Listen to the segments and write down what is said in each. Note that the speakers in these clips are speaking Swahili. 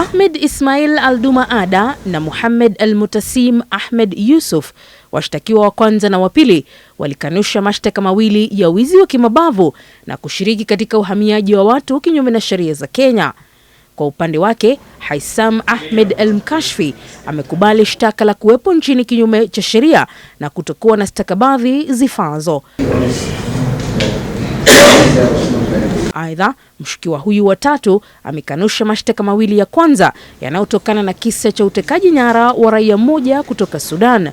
Ahmed Ismail Alduma Ada na Muhamed Almutasim Ahmed Yusuf, washtakiwa wa kwanza na wa pili, walikanusha mashtaka mawili ya wizi wa kimabavu na kushiriki katika uhamiaji wa watu kinyume na sheria za Kenya. Kwa upande wake, Haisam Ahmed almkashfi mkashfi amekubali shtaka la kuwepo nchini kinyume cha sheria na kutokuwa na stakabadhi zifaazo. Aidha, mshukiwa huyu wa tatu amekanusha mashtaka mawili ya kwanza yanayotokana na kisa cha utekaji nyara wa raia mmoja kutoka Sudan.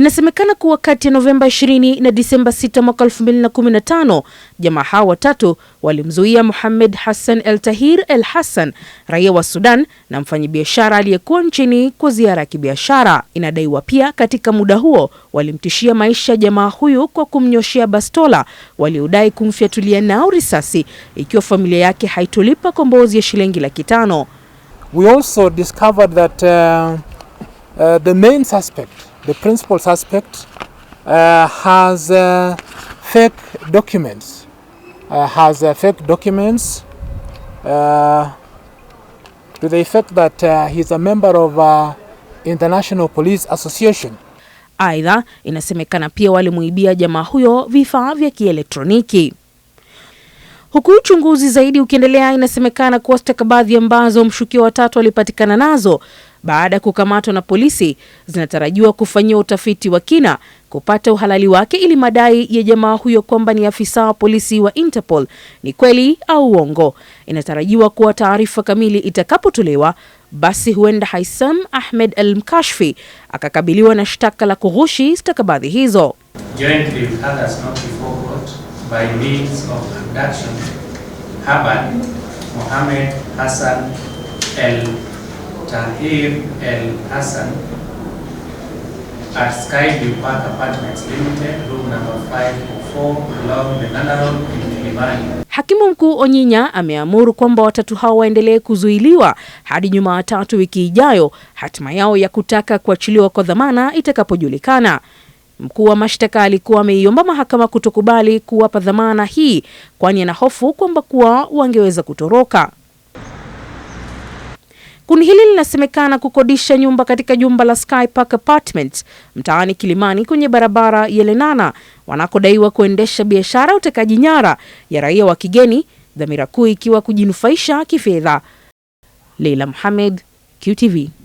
Inasemekana kuwa kati ya Novemba 20 na Disemba 6 mwaka 2015, jamaa hao watatu walimzuia Mohamed Hassan El Tahir El Hassan, raia wa Sudan na mfanyabiashara aliyekuwa nchini kwa ziara ya kibiashara. Inadaiwa pia katika muda huo walimtishia maisha jamaa huyu kwa kumnyoshea bastola waliodai kumfyatulia nao risasi ikiwa familia yake haitolipa kombozi ya shilingi laki tano. We also discovered that uh, uh, the main suspect the principal suspect uh, has uh, fake documents uh, has uh, fake documents uh, to the effect that uh, he's a member of uh, International Police Association. Aidha, inasemekana pia walimuibia jamaa huyo vifaa vya kielektroniki. Huku uchunguzi zaidi ukiendelea, inasemekana kuwa stakabadhi ambazo mshukiwa watatu alipatikana nazo baada ya kukamatwa na polisi zinatarajiwa kufanyiwa utafiti wa kina kupata uhalali wake ili madai ya jamaa huyo kwamba ni afisa wa polisi wa Interpol ni kweli au uongo. Inatarajiwa kuwa taarifa kamili itakapotolewa, basi huenda Haisam Ahmed al-Mkashfi akakabiliwa na shtaka la kughushi stakabadhi hizo. Mohamed Hassan El Tahir El Hassan at Skyview Park Apartments Limited, room number 504 along the Nanda Road in Kilimani. Hakimu Mkuu Onyinya ameamuru kwamba watatu hao waendelee kuzuiliwa hadi Jumatatu wiki ijayo, hatima yao ya kutaka kuachiliwa kwa dhamana itakapojulikana. Mkuu wa mashtaka alikuwa ameiomba mahakama kutokubali kuwapa dhamana hii, kwani ana hofu kwamba kuwa wangeweza kutoroka. Kundi hili linasemekana kukodisha nyumba katika jumba la Sky Park Apartments mtaani Kilimani kwenye barabara ya Lenana, wanakodaiwa kuendesha biashara utekaji nyara ya raia wa kigeni, dhamira kuu ikiwa kujinufaisha kifedha. Leila Mohamed, QTV.